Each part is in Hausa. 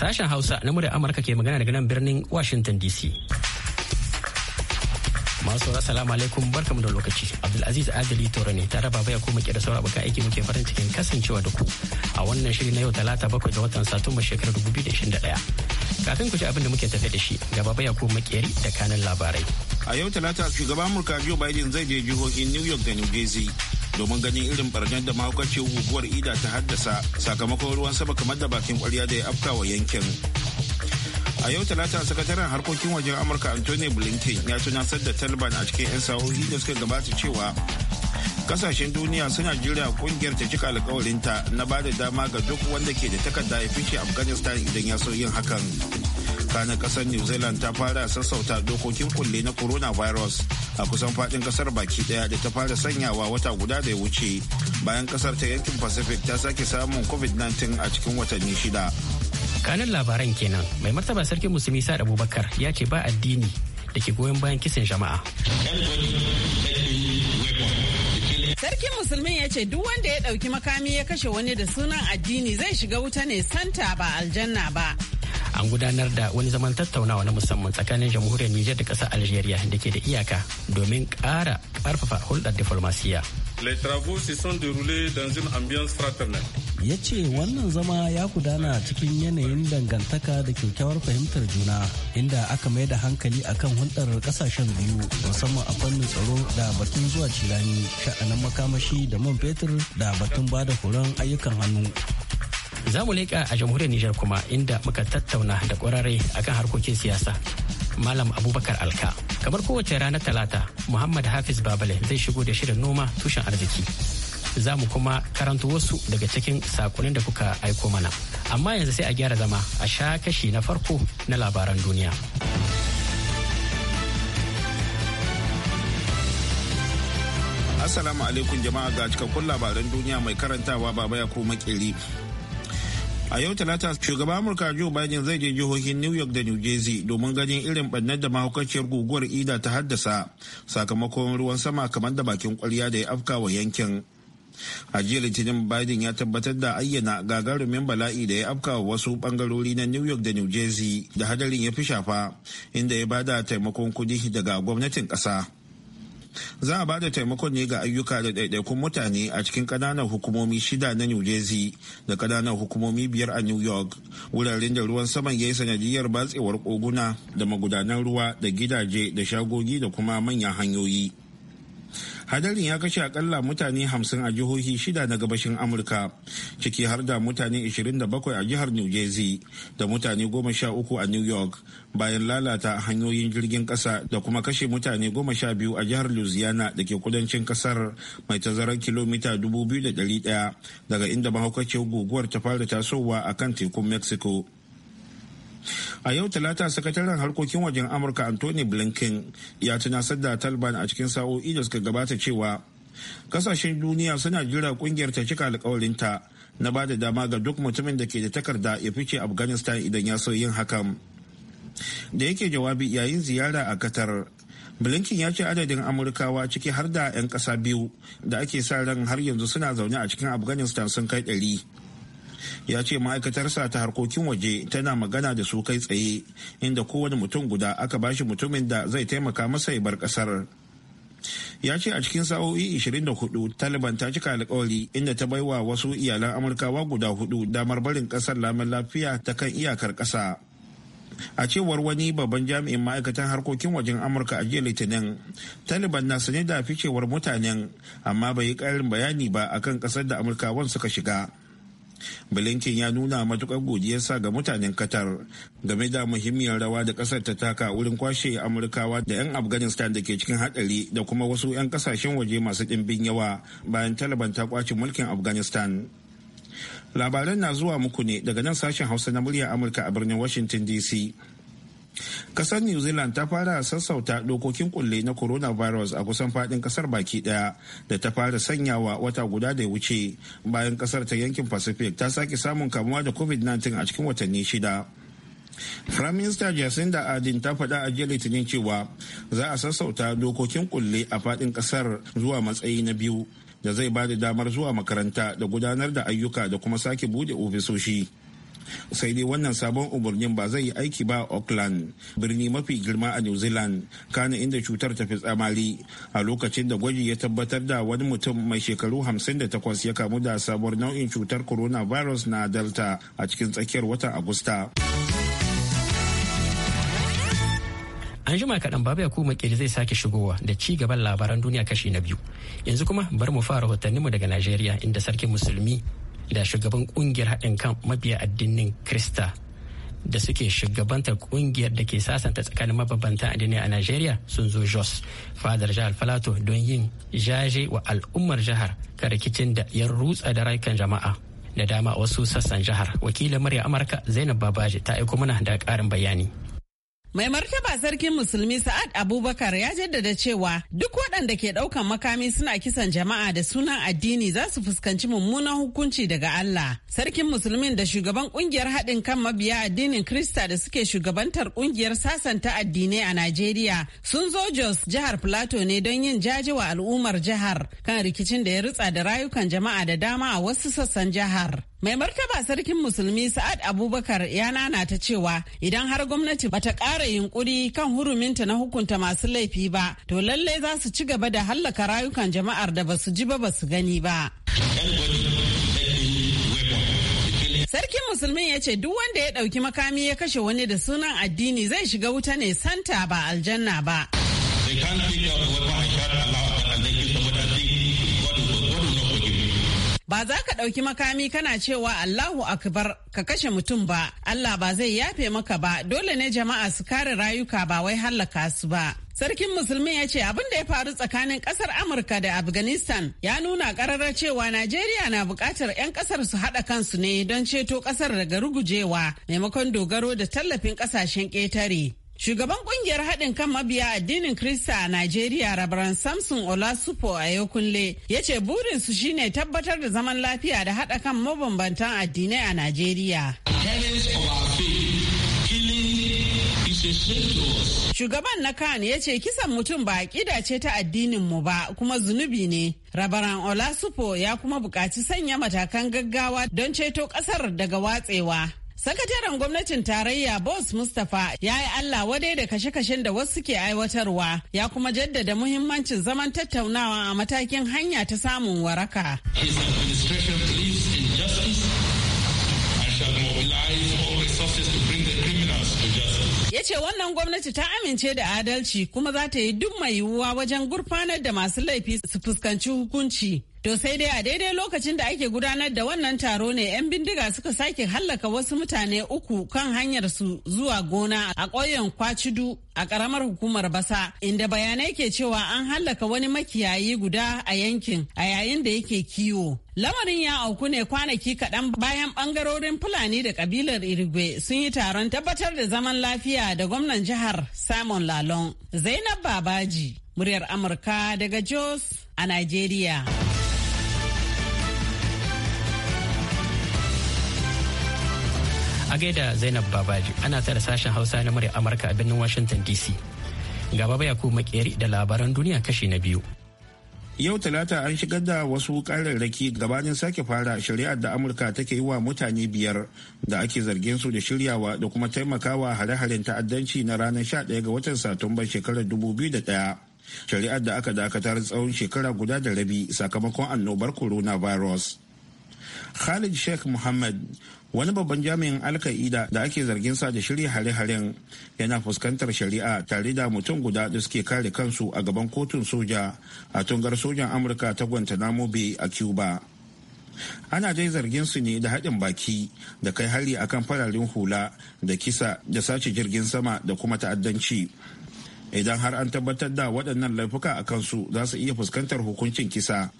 Sashen Hausa na muryar Amurka ke magana daga nan birnin Washington DC. Masu salamu alaikum barkamu da lokaci. Abdulaziz Adali Toro ne tare baba ya kuma da sauran abokan aiki muke farin cikin kasancewa da ku a wannan shiri na yau talata bakwai ga watan Satumba shekarar 2021. Kafin ku ji abin da muke tafe da shi ga baba ya makeri da kanan labarai. A yau talata shugaban Amurka Joe Biden zai je jihohin New York da New Jersey domin ganin irin barnar da mahaukacin guguwar ida ta haddasa sakamakon ruwan sama kamar da bakin kwarya da ya afka wa yankin a yau talata sakataren harkokin wajen amurka anthony blinken ya tunasar da taliban a cikin 'yan sa'o'i da suka gabata cewa kasashen duniya suna jira kungiyar ta cika alkawarinta na ba da dama ga duk wanda ke da takarda ya fice afghanistan idan ya so yin hakan tsakanin kasar new zealand ta fara sassauta dokokin kulle na coronavirus a kusan fadin kasar baki daya da ta fara sanyawa wata guda da ya wuce bayan kasar ta yankin pacific ta sake samun covid-19 a cikin watanni shida kanan labaran kenan mai martaba sarkin musulmi sa abubakar ya ce ba addini da ke goyon bayan kisan jama'a Sarkin musulmin ya ce duk wanda ya ɗauki makami ya kashe wani da sunan addini zai shiga wuta ne santa ba aljanna ba. an gudanar da wani zaman tattaunawa na musamman tsakanin jamhuriyar Nijar da ƙasar Algeria da ke da iyaka domin ƙara ƙarfafa hulɗar diflomasiyya. Les travaux se sont déroulés dans une ambiance fraternelle. Ya ce wannan zama ya gudana cikin yanayin dangantaka da kyakkyawar fahimtar juna inda aka mai da hankali akan hulɗar ƙasashen biyu musamman a fannin tsaro da batun zuwa cilani sha'anin makamashi da man fetur da batun bada horon ayyukan hannu. za mu leƙa a jamhuriyar Nijar kuma inda muka tattauna da ƙwararre akan harkokin siyasa. Malam Abubakar Alka. Kamar kowace rana Talata, Muhammad Hafiz Babale zai shigo da shirin noma tushen arziki. Za mu kuma karanta wasu daga cikin sakonin da kuka aiko mana. Amma yanzu sai a gyara zama a sha kashi na farko na labaran duniya. Assalamu alaikum jama'a ga cikakkun labaran duniya mai karantawa baba ya ko makeri. a yau talata shugaban amurka joe biden zai je jihohin new york da new jersey domin ganin irin bannar da mahaukaciyar guguwar ida ta haddasa sakamakon ruwan sama kamar da bakin kwarya da ya afka wa yankin a jiya litinin biden ya tabbatar da ayyana gagarumin bala'i da ya afka wa wasu bangarori na new york da new jersey da hadarin ya fi shafa inda ya bada taimakon kudi daga gwamnatin kasa za a bada taimakon ne ga ayyuka da ɗaiɗaikun mutane a cikin ƙananan hukumomi shida na new jersey da ƙananan hukumomi biyar a new york wuraren da ruwan saman ya yi sanadiyar batsewar koguna da magudanan ruwa da gidaje da shagogi da kuma manyan hanyoyi hadarin ya kashe akalla mutane hamsin a jihohi shida na gabashin amurka ciki har da mutane 27 a jihar new jersey da mutane 13 a new york bayan lalata hanyoyin jirgin kasa da kuma kashe mutane 12 a jihar louisiana da ke kudancin kasar mai tazarar kilomita 2,100 daga inda mahaukacin guguwar ta fara tasowa a kan tekun mexico a yau talata sakataren harkokin wajen amurka anthony blinken ya tunasar da taliban a cikin sa'o'i da suka gabata cewa kasashen duniya suna jira kungiyar ta cika alkawarinta na ba da dama ga duk mutumin da ke da takarda ya fice afghanistan idan ya so yin hakan da yake jawabi yayin ziyara a qatar blinken ya ce adadin amurkawa ciki har da 'yan ƙasa biyu da ake sa ran har yanzu suna zaune a cikin afghanistan sun kai ɗari ya ce ma'aikatarsa ta harkokin waje tana magana da su kai tsaye inda kowane mutum guda aka bashi mutumin da zai taimaka masa ya bar kasar ya ce a cikin sa'o'i 24 taliban ta cika alkawari inda ta baiwa wasu iyalan amurkawa guda hudu damar barin kasar lamin lafiya ta kan iyakar kasa a cewar wani babban jami'in ma'aikatan harkokin wajen amurka a jiya litinin taliban na sane da ficewar mutanen amma bai yi karin bayani ba akan kasar da amurkawan suka shiga blinken ya nuna matukar godiyarsa ga mutanen qatar game da muhimmiyar rawa da kasar ta taka wurin kwashe amurkawa da 'yan afghanistan da ke cikin hadari da kuma wasu 'yan kasashen waje masu ɗimbin yawa bayan taliban ta kwace mulkin afghanistan labaran na zuwa muku ne daga nan sashen hausa na muryar amurka a birnin washington dc Kasar New Zealand ta fara sassauta dokokin kulle na coronavirus a kusan fadin kasar baki daya da ta fara sanyawa wata guda da ya wuce bayan kasar ta yankin Pacific ta sake samun kamuwa da COVID-19 a cikin watanni shida. Prime Minister Jacinda Ardern ta faɗa a jiya Litinin cewa za a sassauta dokokin kulle a fadin kasar zuwa matsayi na biyu da zai ba da damar zuwa makaranta da gudanar da ayyuka da kuma sake bude ofisoshi. sai dai wannan sabon umarnin ba zai yi aiki ba a auckland birni mafi girma a new zealand kana inda cutar ta fi tsamari a lokacin da gwaji ya tabbatar da wani mutum mai shekaru 58 ya kamu da sabuwar nau'in cutar coronavirus na delta a cikin tsakiyar watan agusta an jima kaɗan baba yakubu makeri zai sake shigowa da ci gaban labaran duniya kashi na biyu yanzu kuma bar mu fara mu daga najeriya inda sarkin musulmi da shugaban kungiyar haɗin kan mabiya addinin krista da suke shugabantar kungiyar da ke sasanta tsakanin mabambanta addini a nigeria sun zo Jos fadar jihar falato don yin jaje wa al'ummar jihar ga rikicin da ya rutsa da rayukan jama'a da dama wasu sassan jihar wakilin murya Amurka Zainab Babaji ta aiko mana da karin bayani Mai martaba sarkin musulmi Sa'ad Abubakar ya jaddada cewa duk waɗanda ke ɗaukan makami suna kisan jama'a da sunan addini za su fuskanci mummunan hukunci daga Allah. Sarkin musulmin da shugaban ƙungiyar haɗin kan mabiya addinin Krista da suke shugabantar ƙungiyar sasanta addinai a Najeriya sun zo Jos jihar Plateau ne don yin jaje wa al'ummar jihar kan rikicin da ya ritsa da rayukan jama'a da dama a wasu sassan jihar. Mai martaba sarkin musulmi Sa'ad Abubakar ya nana ta cewa idan har gwamnati bata kara yunkuri kan huruminta na hukunta masu laifi ba, to lallai za su ci gaba da hallaka rayukan jama'ar da basu ji ba basu gani ba. Sarkin musulmin ya ce duk wanda ya ɗauki makami ya kashe wani da sunan addini zai shiga wuta ne santa ba aljanna ba. Ba za ka ɗauki makami kana cewa Allahu Akbar ka kashe mutum ba, Allah ba zai yafe maka ba, dole ne jama'a su kare rayuka ba wai hallaka su ba. Sarkin Musulmi ya ce abin da ya faru tsakanin ƙasar Amurka da Afghanistan ya nuna kararra cewa Najeriya na bukatar 'yan ƙasar su haɗa kansu ne don ceto ƙasar daga rugujewa maimakon dogaro da tallafin ƙasashen ƙetare. Shugaban kungiyar haɗin kan mabiya addinin Krista a Najeriya, Rabaran Samson Olasupo a ya ce burinsu shine tabbatar da zaman lafiya da haɗa kan mabambantan addinai a Najeriya. Shugaban na kan ya ce kisan mutum ba aƙida ce ta addinin mu ba kuma zunubi ne. Rabaran Olasupo ya kuma buƙaci sanya matakan gaggawa don ceto ƙasar daga watsewa. Sakataren gwamnatin tarayya Boss Mustapha ya yi Allah wadai da kashe-kashen da wasu ke aiwatarwa ya kuma jaddada muhimmancin zaman tattaunawa a matakin hanya ta samun waraka. Ya ce wannan gwamnati ta amince da adalci kuma za ta yi duk mai yiwuwa wajen gurfanar da masu laifi su fuskanci hukunci To sai dai a daidai lokacin da ake gudanar da wannan taro ne 'yan bindiga suka sake hallaka wasu mutane uku kan hanyar su zuwa gona a ƙauyen Kwacidu a ƙaramar hukumar Basa inda bayanai ke cewa an hallaka wani makiyayi guda a yankin a yayin da yake kiwo. Lamarin ya auku ne kwanaki kaɗan bayan ɓangarorin Fulani da ƙabilar Irigwe sun yi taron tabbatar da zaman lafiya da gwamnan jihar Simon Lalong. Zainab Babaji, muryar Amurka daga Jos a Najeriya. a gaida zainab babaji ana da sashen hausa na murya amurka a birnin washington dc gaba baya ku makeri da labaran duniya kashi na biyu yau talata an shigar da wasu kararraki gabanin sake fara shari'ar da amurka take yi wa mutane biyar da ake zargin su da shiryawa da kuma taimakawa hare-haren ta'addanci na ranar sha 11 ga watan satumba shekarar 2001 shari'ar da aka dakatar tsawon shekara guda da rabi sakamakon annobar coronavirus khalid sheikh muhammad wani babban jami'in alka'ida da ake zargin sa da shirya hare-haren yana fuskantar shari'a tare da mutum guda da suke kare kansu a gaban kotun soja a tungar sojan amurka ta guantanamo bay a cuba ana dai zargin su ne da haɗin baki da kai hari akan fararen hula da kisa da sace jirgin sama da kuma ta'addanci idan har an tabbatar da waɗannan laifuka a kansu za su iya fuskantar hukuncin kisa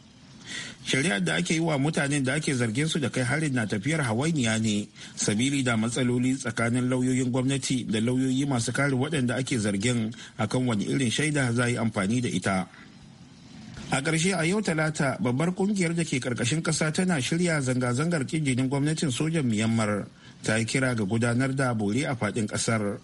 shari'ar da ake yi wa mutanen da ake zargin su da kai harin na tafiyar hawainiya ne sabili da matsaloli tsakanin lauyoyin gwamnati da lauyoyi masu kare waɗanda ake zargin akan wani irin shaida za yi amfani da ita a ƙarshe a yau talata babbar ƙungiyar da ke ƙarƙashin ƙasa tana shirya zanga-zangar ƙinjinin gwamnatin sojan myanmar ta yi kira ga gudanar da bore a faɗin ƙasar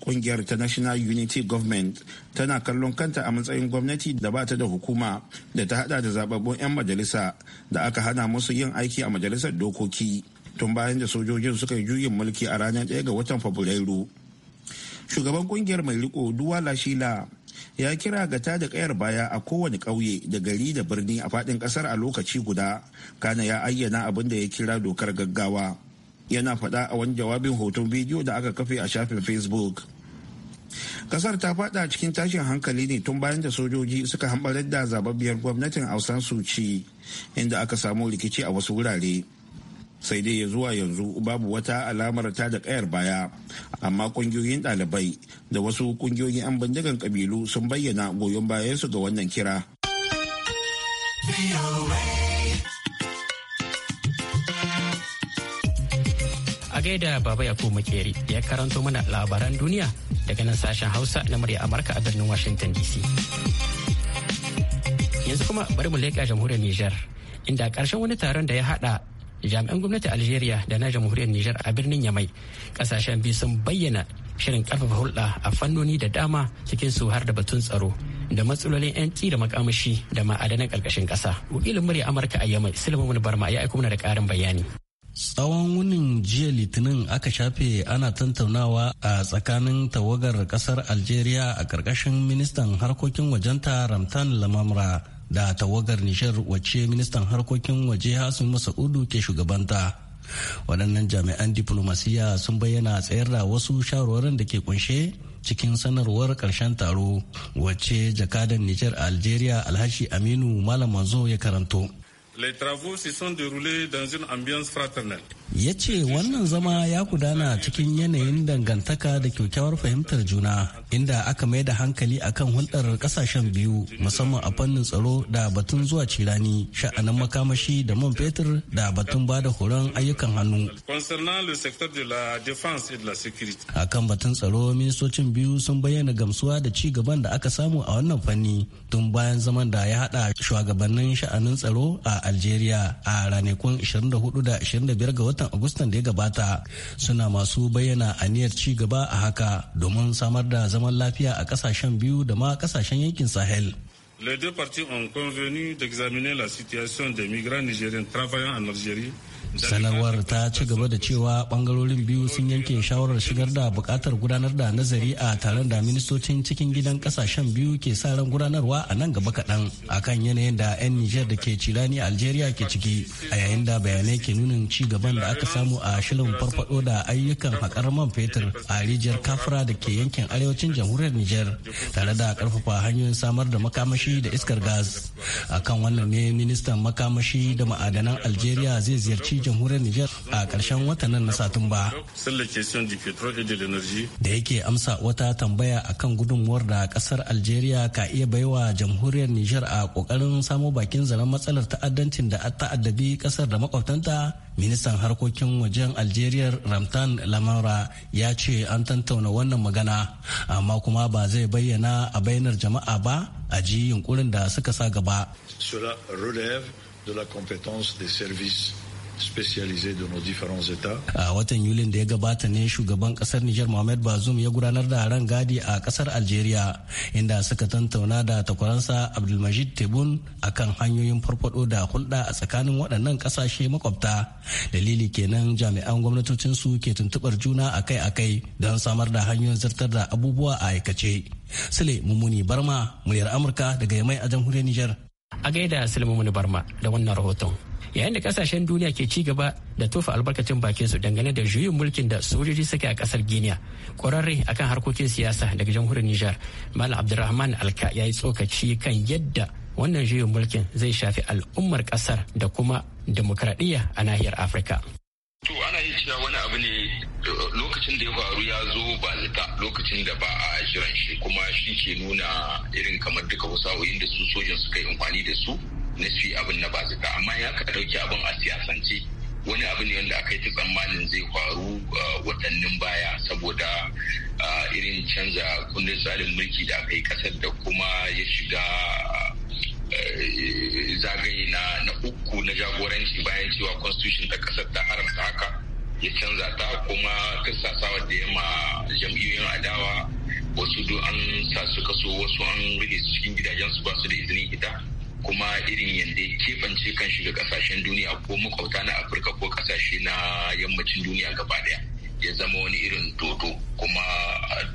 Kungiyar ta National Unity Government tana kallon kanta a matsayin gwamnati da ba ta da hukuma da ta hada da zababbun 'yan majalisa da aka hana musu yin aiki a majalisar dokoki tun bayan da sojojin suka yi juyin mulki a ranar 1 ga watan Fabrairu. Shugaban kungiyar mai riko duwa lashila ya kira ga ta da kayar baya a kowane ƙauye da gari da birni a faɗin ƙasar a lokaci guda kana ya ayyana abin da ya kira dokar gaggawa yana faɗa a wani jawabin hoton bidiyo da aka kafe a shafin facebook kasar ta fada cikin tashin hankali ne tun bayan da sojoji suka hambar da zababbiyar gwamnatin ausan suci inda aka samu rikici a wasu wurare sai dai ya zuwa yanzu babu wata alamar ta da kayar baya amma kungiyoyin ɗalibai da wasu kungiyoyin 'yan bindigan kabilu sun bayyana goyon bayansu ga wannan kira. gaida Baba Yakubu Makeri ya karanto mana labaran duniya daga nan sashen Hausa na murya Amurka a birnin Washington DC. Yanzu kuma bari mu leƙa jamhuriyar Nijar inda ƙarshen wani taron da ya haɗa jami'an gwamnati Algeria da na jamhuriyar Nijar a birnin Yamai ƙasashen biyu sun bayyana shirin ƙarfafa hulɗa a fannoni da dama cikin su har da batun tsaro da matsalolin 'yanci da makamashi da ma'adanan ƙarƙashin ƙasa. Wakilin murya Amurka a Yamai Sulaiman Barma ya aiko mana da ƙarin bayani. Tsawon wunin jiya Litinin aka shafe ana tantaunawa a tsakanin tawagar kasar Algeria a ƙarƙashin ministan harkokin wajenta Ramtan Lamamra da tawagar Nishar wacce ministan harkokin waje Hassan Masa'udu ke shugabanta. Waɗannan jami'an diplomasiya sun bayyana tsayar da wasu shawarwarin da ke kunshe cikin sanarwar ƙarshen taro wacce jakadan Nijar a Algeria Alhashi Aminu Malam Manzo ya karanto. Ya ce wannan zama ya gudana cikin yanayin dangantaka da kyaukyawar fahimtar juna inda aka mai da hankali akan hulɗar ƙasashen biyu musamman a fannin tsaro da batun zuwa cirani sha'anin makamashi da man fetur da batun ba da horon ayyukan hannu. Akan batun tsaro ministocin biyu sun bayyana gamsuwa da ci gaban da aka samu a wannan fanni tun bayan zaman da ya haɗa shugabannin sha'anin tsaro a algeria a ranakun 24 da 25 ga watan agustan da ya gabata suna masu bayyana aniyar ci gaba a haka domin samar da zaman lafiya a kasashen biyu da ma kasashen yankin sahel Les deux parties ont convenu d'examiner la situation des migrants nigériens travaillant en Algérie sanarwar ta ci gaba da cewa bangarorin biyu sun yanke shawarar shigar da bukatar gudanar da nazari a taron da ministocin cikin gidan kasashen biyu ke sa ran gudanarwa a nan gaba kaɗan akan yanayin da 'yan niger da ke cirani algeria ke ciki a yayin da bayanai ke nunin ci gaban da aka samu a shirin farfado da ayyukan haƙar man fetur a rijiyar kafra da ke yankin arewacin jamhuriyar niger tare da karfafa hanyoyin samar da makamashi da iskar gas akan wannan ne ministan makamashi da ma'adanan algeria zai ziyarci doshi jamhuriyar niger a karshen watan nan na Satumba. Da yake amsa wata tambaya a kan gudunmuwar da ƙasar Algeria ka iya baiwa jamhuriyar niger a kokarin samo bakin zaren matsalar ta'addancin da ta'addabi ƙasar da makwabtanta, ministan harkokin wajen Algeria Ramtan Lamara ya ce an tantauna wannan magana amma kuma ba zai bayyana a bainar jama'a ba a ji yunkurin da suka sa gaba. de la compétence des services spécialisés de nos différents États. A watan Yulin da ya gabata ne shugaban kasar Nijar Mohamed Bazoum ya gudanar da ran gadi a kasar Algeria inda suka tantauna da takwaransa Abdulmajid Tebun akan hanyoyin farfado da hulɗa a tsakanin waɗannan ƙasashe makwabta. Dalili kenan jami'an gwamnatocin su ke tuntuɓar juna akai-akai don samar da hanyoyin zartar da abubuwa a aikace. Sule Mumuni Barma, muryar Amurka daga Yamai a jamhuriyar Nijar. a gaida silmumuni barma da wannan rahoton yayin da kasashen duniya ke ci gaba da tofa albarkacin bakin su dangane da juyin mulkin da sojoji suke a kasar guinea kwararre akan harkokin siyasa daga jamhuriyar nijar Mallam abdulrahman alka ya yi tsokaci kan yadda wannan juyin mulkin zai shafi al'ummar kasar da kuma demokradiyya a nahiyar afirka lokacin da ya faru ya zo ba zata lokacin da ba a jiran shi kuma shi ke nuna irin kamar duka sa'o'in da su sojan suka yi amfani da su na shi abin na ba zata amma ya ka dauki abin a siyasance wani abu ne wanda aka yi ta tsammanin zai faru uh, watannin baya saboda uh, irin canza kundin tsarin mulki da aka yi kasar da kuma ya shiga uh, zagaye na uku na jagoranci bayan cewa constitution ta kasar ta haramta haka ya canza ta kuma kasasawa da yamma jam'iyyoyin adawa wasu do an sa su kaso wasu an rage su cikin gidajen ba su da izinin ita kuma irin yadda ya kefance kan shiga kasashen duniya ko makwabta na afirka ko kasashe na yammacin duniya gaba daya ya zama wani irin dodo kuma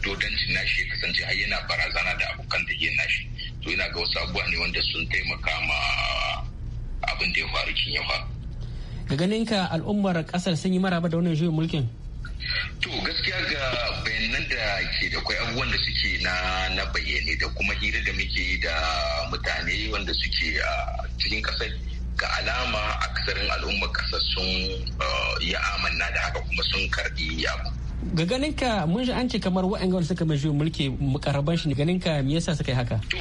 dodanci nashi ya kasance har yana barazana da abokan da nashi to yana ga wasu abubuwa ne wanda sun taimaka ma abin da ya faru kin ya faru Ga ganin ka al'ummar kasar sun yi maraba da wannan juyin mulkin to gaskiya ga bayanan da ke da kwai abubuwan da suke na na bayyane da kuma hira da muke yi da mutane wanda suke a cikin kasar ga alama aksarin al'ummar kasar sun uh, yi amanna da haka kuma sun karbi abu ga ganin ka mun ji an ce kamar wanda suka mai juyin mulki mukarraban shi ganin ka me yasa suka yi haka to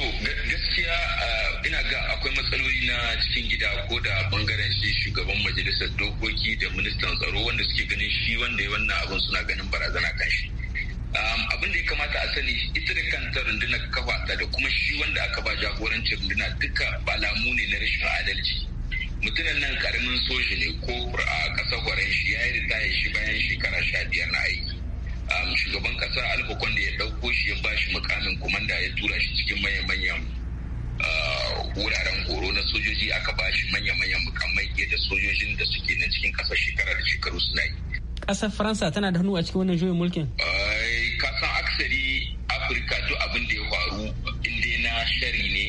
gaskiya uh, ina ga akwai matsaloli na cikin gida ko da bangaren shi shugaban majalisar dokoki da ministan tsaro wanda suke ganin shi wanda ya wannan abin suna ganin barazana kan shi abin da ya kamata a sani ita da kanta rundunar kafata da kuma shi wanda aka ba jagorancin runduna duka balamu ne na rashin adalci mutumin nan karamin soji ne ko a ƙasa kwaren shi ya yi ritaya shi bayan shekara sha biyar na aiki shugaban kasa alfa da ya ɗauko shi ya ba shi mukamin kumanda ya tura shi cikin manya-manyan wuraren horo na sojoji aka ba shi manya-manyan mukammai da sojojin da suke na cikin ƙasar shekara da shekaru suna yi. Ƙasar Faransa tana da hannu a cikin wannan juyin mulkin? Kasan aksari Afirka duk abin da ya faru inda na shari ne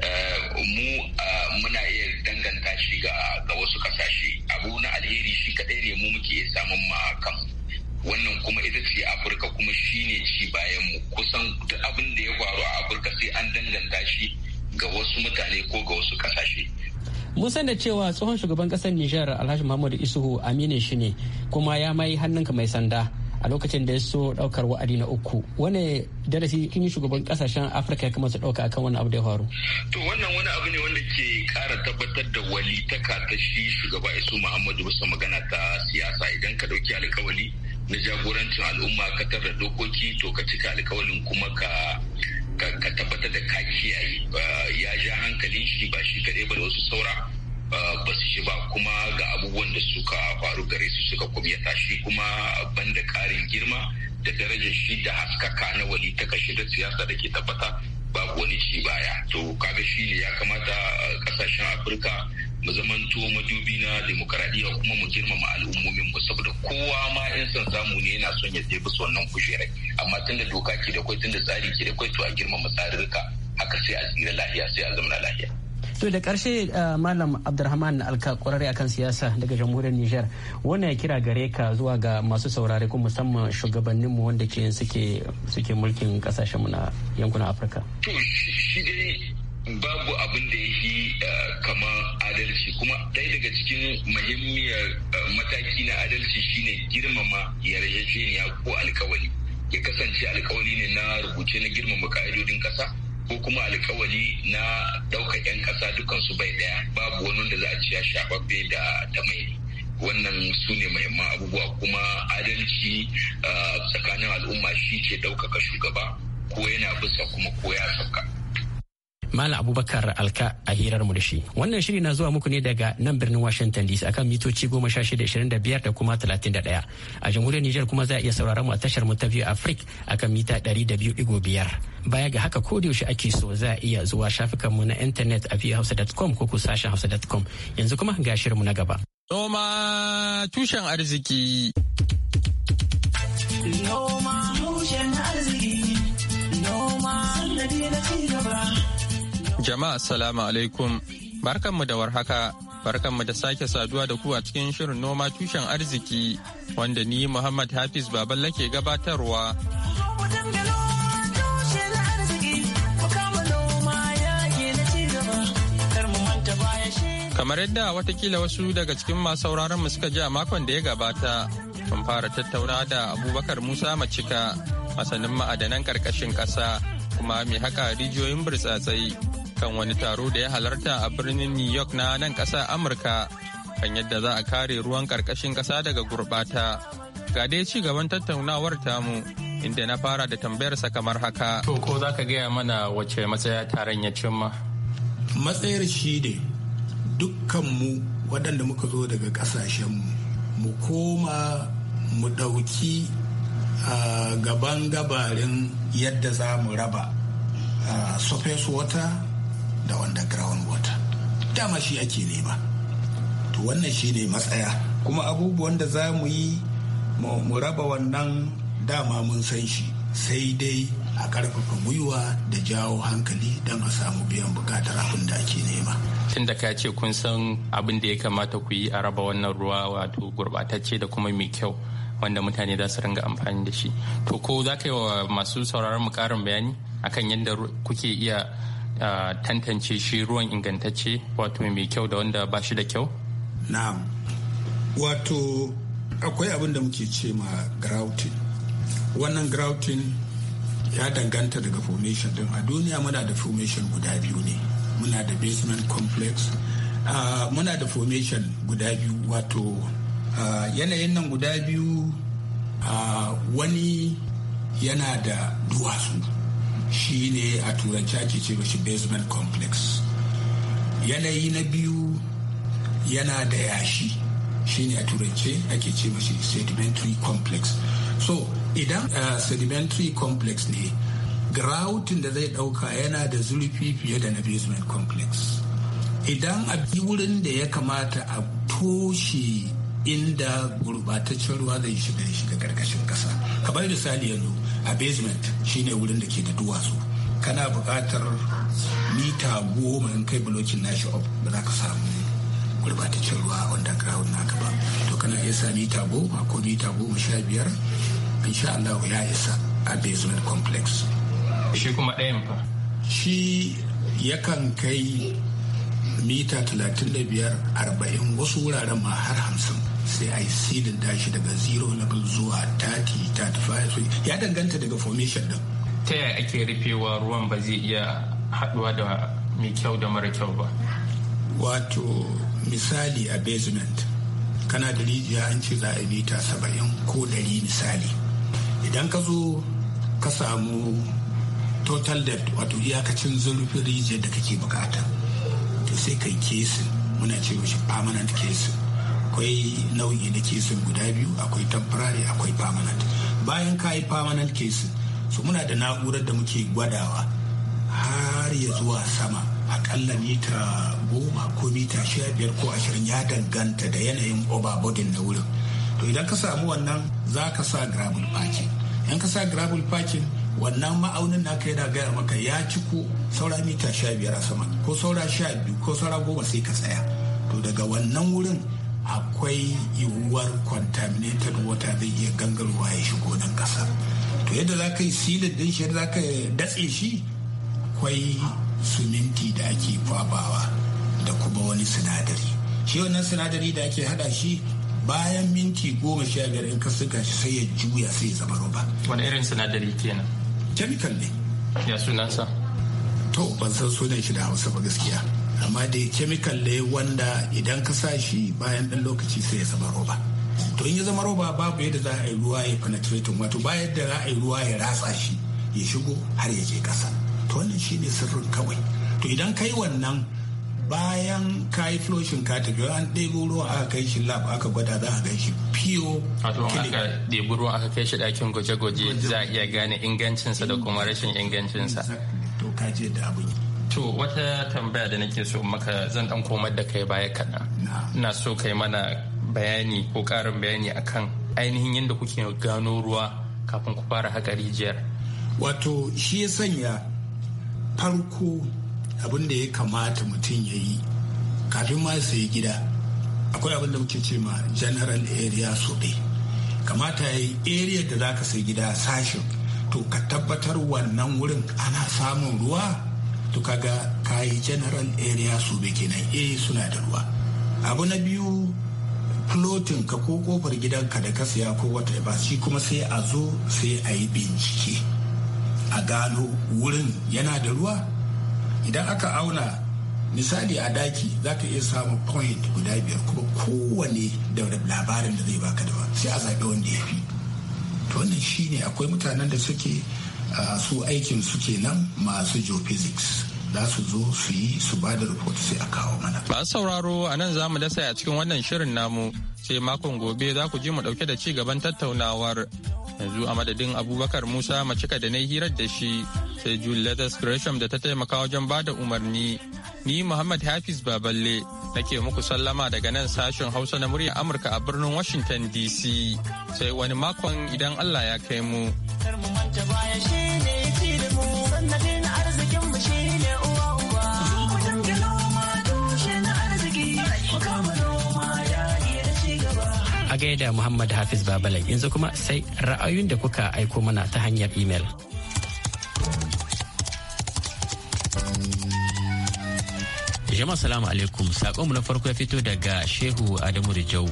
eh, mu eh, muna iya danganta shi ga wasu kasashe abu na alheri shi kaɗai ne mu muke samun ma kan wannan kuma ita ce afirka kuma shine ci bayan mu kusan duk abin da ya faru a afirka sai an danganta shi ga wasu mutane ko ga wasu kasashe. mun san da cewa tsohon shugaban kasar nijar alhaji muhammadu isuhu amine shi ne kuma ya mai hannunka mai sanda a lokacin da ya so daukar wa'adi na uku wane darasi kin yi shugaban kasashen afirka ya kamata dauka akan wani abu da ya faru to wannan wani abu ne wanda ke kara tabbatar da walitaka ta shi shugaba isu muhammadu bisa magana ta siyasa idan ka dauki alkawali na jagorancin al'umma ka tarra dokoki to ka cika alkawalin kuma ka ka tabbatar da ka kiyaye eh, ya ja hankalin shi ba shi kaɗai ba da wasu saura eh, ba su shi ba kuma ga abubuwan da suka faru gare su suka kuma ya tashi kuma banda ƙarin girma da darajar shi da haskaka na wali ta kashe da siyasa da ke tabbata babu wani ci baya to kaga shi ne ya kamata kasashen eh, afirka mu zamanto madubi na demokaradiyya kuma mu girmama al'ummomin mu saboda kowa ma in san samu ne yana son ya je bisa wannan kujerai amma tunda doka ke da kwai tunda tsari ke da kwai to a girmama tsarirka haka sai a tsira lahiya sai a zama lahiya to da karshe eh, malam abdulrahman alka kwararre akan siyasa daga jamhuriyar niger wannan ya kira gare ka zuwa ga masu saurare ko musamman shugabanninmu wanda ke suke mulkin kasashenmu na yankunan afirka to shi dai babu abin da ya fi eh, kama adalci kuma ɗaya daga cikin muhimmiyar eh, mataki na adalci shine girmama yarjejeniya ko alkawali ya kasance alkawali ne na rubuce na girmama ka'idodin ƙasa ko kuma alkawali na ɗaukar 'yan ƙasa dukansu bai ɗaya babu wani da za a ci ya shafaffe da da mai wannan su ne mahimman abubuwa kuma adalci eh, tsakanin al'umma shi ke ɗaukaka shugaba ko yana bisa kuma ko ya sauka. Malam Abubakar Alka a hirar mu da shi. Wannan shiri na zuwa muku ne daga nan birnin Washington DC akan mitoci goma sha shida ishirin da biyar da kuma talatin da ɗaya. A jamhuriyar Nijar kuma za a iya sauraron mu a tashar mu ta biyu Afrik akan mita ɗari da biyu ɗigo biyar. Baya ga haka ko yaushe ake so za a iya zuwa shafukan mu na intanet a viewhausa.com ko ku sashen hausa.com yanzu kuma ga shirinmu na gaba. Noma tushen arziki. Noma tushen arziki. Noma sannadi na ci gaba. Jama'a salamu alaikum. Barkanmu da warhaka. Barkanmu da sake saduwa da ku a cikin shirin noma tushen arziki wanda ni Muhammad Hafiz Baballa ke gabatarwa. Kamar yadda watakila wasu daga cikin masu mu suka ji a makon da ya gabata, mun fara tattauna da Abubakar Musa Macika, masanin ma'adanan ƙarƙashin ƙasa, kuma mai haka rijiyoyin burtsatsai kan wani taro da ya halarta a birnin New York na nan ƙasa Amurka kan yadda za a kare ruwan ƙarƙashin ƙasa daga gurɓata. Ga dai ci gaban tattaunawar tamu inda na fara da tambayarsa kamar haka. To ko za ka gaya mana wace matsaya taron ya cimma? Matsayar shi ne dukkanmu waɗanda muka zo daga ƙasashenmu mu koma mu ɗauki gaban gabarin yadda za mu raba surface water da underground water dama shi ake nema to wannan shi ne matsaya kuma abubuwan da za mu yi mu raba wannan dama mun san shi sai dai a karfafa gwiwa da jawo hankali don a samu biyan bukatar abin da ake nema tun da ka ce kun san abin da ya kamata ku yi a raba wannan ruwa wato gurbatacce da kuma mai kyau wanda mutane za su ringa amfani da shi to ko za ka yi wa masu sauraron mu karin bayani akan yadda kuke iya tantance shi ruwan ingantacce wato mai kyau da wanda ba shi da kyau? na'am wato akwai abin da muke ce ma grouting wannan grouting ya danganta daga formation din a duniya muna da formation guda biyu ne muna da basement complex uh, muna da formation guda biyu wato uh, yanayin nan guda biyu uh, wani yana da duwatsu Shi ne a turanci ake ce mashi basement complex yanayi na biyu yana da yashi shi ne a turance ake ce mashi sedimentary complex so idan uh, sedimentary complex ne grouting da zai dauka yana da zurfi fiye da na basement complex idan a bi wurin da ya kamata a toshe inda gurbataccen ruwa zai shiga shiga karkashin kasa kamar misali yanzu a basement shine wurin da ke da duwatsu kana buƙatar mita goma in kai bulokin nashi up ba za ka samu gurbataccen ruwa wanda ground naka ba to kana iya sa mita goma ko mita goma sha biyar insha Allah ya isa a basement complex shi kuma ɗayan fa shi yakan kai mita biyar arba'in wasu wuraren ma har 50 sai a yi silin dashi daga 0 level zuwa 30-35 ya danganta daga formation din ta yaya ake rufewa ruwan ba zai iya haduwa da mai kyau da mara kyau ba wato misali a basement kana da rijiya an ce za a mita 70 ko dari misali idan ka zo ka samu total depth wato iyakacin zurfin rijiyar da kake bukata ce sai kai kesin muna ce mishi permanent kesin akwai nau'i na kesin guda biyu akwai temporary akwai permanent bayan ka yi permanent kesin so muna da na'urar da muke gwadawa har ya zuwa sama akalla mita goma ko mita sha biyar ko ashirin ya danganta da yanayin overbodin na wurin to idan ka samu wannan za ka sa gravel parking in ka sa gravel parking wannan ma'aunin na kai da gaya maka ya ci ciko saura mita sha biyar a sama ko saura sha biyu ko saura goma sai ka tsaya to daga wannan wurin akwai yiwuwar contaminated water zai iya gangarwa ya shigo nan kasar to yadda za ka yi silin din shi za ka datse shi akwai suminti da ake kwabawa da kuma wani sinadari shi wannan sinadari da ake hada shi bayan minti goma sha biyar in ka siga shi sai ya juya sai ya zama roba wani irin sinadari kenan kemikal ne ya suna sa. to ban san sunan shi da hausa ba gaskiya amma dai kemikal ne wanda idan ka sa shi bayan ɗan lokaci sai ya zama roba to in ya zama roba babu yadda za a yi ruwa ya penetrating wato ba yadda za a yi ruwa ya ratsa shi ya shigo har ya je kasa to wannan ne sirrin kawai to idan kai wannan bayan ka yi floshin ka an ɗebo ruwa aka kai shi lab aka gwada za a gan shi piyo wato aka ɗebi ruwa aka kai shi ɗakin gwaje-gwaje za a iya gane ingancinsa da kuma rashin ingancinsa to ka da abin to wata tambaya da nake so maka zan dan komar da kai baya kaɗan ina so kai mana bayani ko ƙarin bayani akan ainihin yadda kuke gano ruwa kafin ku fara haƙa rijiyar wato shi ya sanya farko abin da ya kamata mutum ya yi kafin ma yi gida akwai abin da muke ce ma general area soɗe kamata ya yi area da za ka sayi gida sashen to ka tabbatar wannan wurin ana samun ruwa to kaga ka yi general area bai kenan eh suna da ruwa abu na biyu floating ka ko kofar gidanka da ka siya ko wata ba shi kuma sai a zo sai a yi bincike a gano wurin yana da ruwa idan aka auna misali a daki za ka iya samun point guda biyar kuma kowane da labarin da zai baka da sai a zaɓi wanda ya fi to wannan shine akwai mutanen da suke su aikin su kenan masu geophysics za su zo su yi su ba da report sai a kawo mana. Ba sauraro a nan za mu dasa a cikin wannan shirin namu sai makon gobe za ku ji mu dauke da ci gaban tattaunawar yanzu a madadin abubakar musa macika da na hirar da shi sai julius gresham da ta taimaka wajen bada umarni ni muhammad hafiz baballe nake muku sallama daga nan sashen hausa na murya amurka a birnin washington dc sai wani makon idan allah ya kai mu. a gaida Muhammad Hafiz Babalai yanzu kuma sai ra'ayoyin da kuka aiko mana ta hanyar imel. jama'a salamu alaikum sakonmu na farko ya fito daga shehu adamu rijau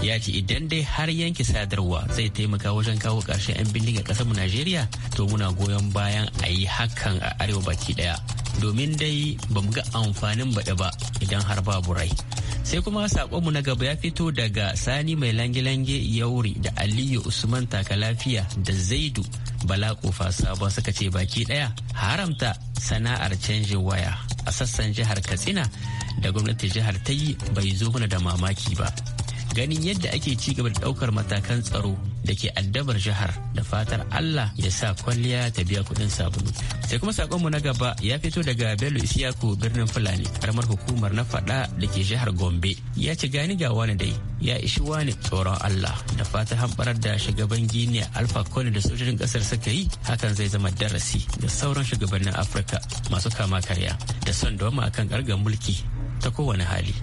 ya ce idan dai har yanki sadarwa zai taimaka wajen kawo ƙarshen 'yan bindiga ƙasarmu najeriya to muna goyon bayan a yi hakan a arewa baki daya domin dai ba mu ga amfanin baɗi ba idan har babu rai sai kuma sakonmu na gaba ya fito daga sani mai lange-lange yauri da aliyu usman takalafiya da zaidu bala kofa sabon suka ce baki daya haramta sana'ar canjin waya a sassan jihar katsina da gwamnati jihar ta yi bai zo mana da mamaki ba ganin yadda ake ci gaba da ɗaukar matakan tsaro da ke addabar jihar da fatar Allah ya sa kwalliya ta biya kuɗin sabulu. Sai kuma sakonmu na gaba ya fito daga Bello Isiyaku birnin Fulani karamar hukumar na faɗa da ke jihar Gombe ya ci gani ga wani dai ya ishi wani tsoron Allah da fatar hamɓarar da shugaban Guinea Alpha Conde da sojojin ƙasar suka yi hakan zai zama darasi da sauran shugabannin Afirka masu kama karya da son doma akan ƙargar mulki ta kowane hali.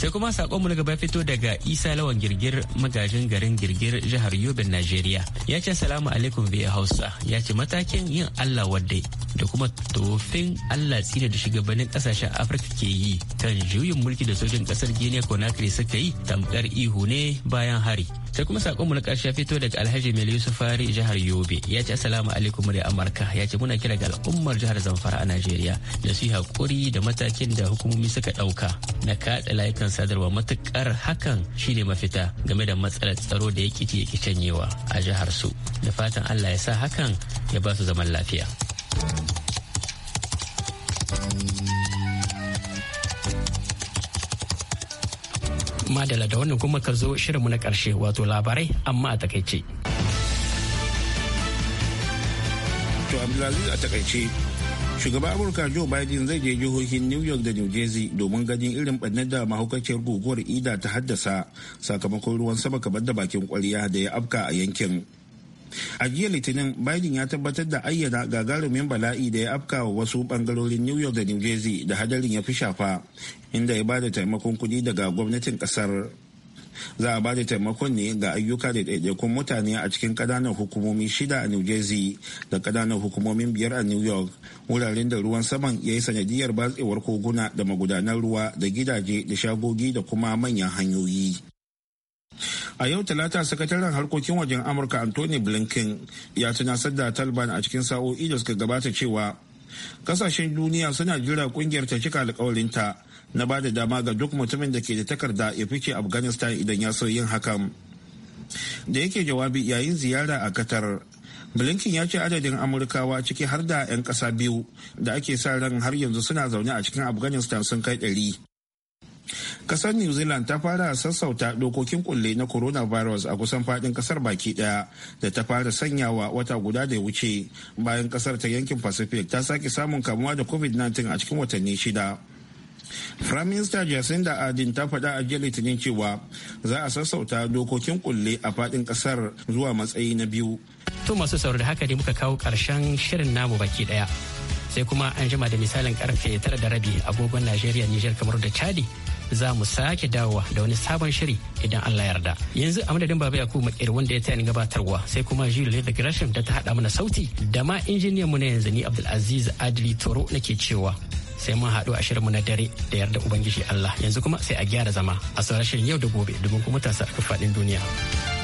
sai kuma sakonmu na gaba fito daga isa lawan girgir magajin garin girgir jihar yobe najeriya ya ce salamu alaikum biya hausa ya ce matakin yin allah wadda da kuma tofin allah tsira da shugabannin kasashen afirka ke yi kan juyin mulki da sojin kasar guinea conakry suka yi tamkar ihu ne bayan hari sai kuma sakonmu na karshe fito daga alhaji mai yusuf fari jihar yobe ya ce assalamu alaikum murya amurka ya ce muna kira ga al'ummar jihar zamfara a najeriya da su yi hakuri da matakin da hukumomi suka ɗauka na kaɗa layukan sadarwa matukar hakan shine mafita game da matsalar tsaro da ya kici ya canyewa a jihar su da fatan allah ya sa hakan ya ba su zaman lafiya. madala da wannan kuma ka zo shirinmu na karshe wato labarai amma a takaice. To Abdulaziz a takaice shugaban amurka joe biden zai je jihohin new york da new jersey domin ganin irin ɓannar da mahaukaciyar guguwar ida ta haddasa sakamakon ruwan sama kamar da bakin kwarya da ya afka a yankin a jiya litinin biden ya tabbatar da ayyana gagarumin bala'i da ya afka wa wasu bangarorin new york da new jersey da hadarin ya fi shafa inda ya bada taimakon kudi daga gwamnatin kasar za a da taimakon ne ga ayyuka da ɗaiɗaikun mutane a cikin ƙananan hukumomi shida a new jersey da ƙananan hukumomin biyar a new york wuraren da ruwan saman ya yi sanadiyar batsewar koguna da magudanan ruwa da gidaje da shagogi da kuma manyan hanyoyi a yau talata sakataren harkokin wajen amurka anthony blinken ya tunasar da taliban a cikin sa'o'i da suka gabata cewa kasashen duniya suna jira kungiyar ta cika alkawarinta na ba da dama ga duk mutumin da ke da takarda ya fice afghanistan idan ya so yin hakan da yake jawabi yayin ziyara a qatar blinken ya ce adadin amurkawa ciki har da 'yan ƙasa biyu da ake sa ran har yanzu suna zaune a cikin afghanistan sun kai ɗari kasar new zealand ta fara sassauta dokokin kulle na coronavirus a kusan fadin kasar baki daya da ta fara sanyawa wata guda da ya wuce bayan kasar ta yankin pacific ta sake samun kamuwa da covid-19 a cikin watanni shida Prime Minister Jacinda Ardern ta faɗa a jiya Litinin cewa za a sassauta dokokin kulle a fadin kasar zuwa matsayi na biyu. To masu sauri da haka ne muka kawo ƙarshen shirin namu baki ɗaya. Sai kuma an jima da misalin karfe tara da rabi agogon Najeriya, Nijar kamar da Chadi za mu sake dawowa da wani sabon shiri idan Allah yarda. Yanzu a madadin Baba Yakubu Makir wanda ya ni gabatarwa sai kuma Jules da Gresham da ta haɗa mana sauti da ma injiniyan mu na yanzu ni Abdulaziz Adili Toro nake cewa sai mun haɗu a shirin mu na dare da yarda Ubangiji Allah yanzu kuma sai a gyara zama a sauran shirin yau da gobe domin kuma matasa a faɗin duniya.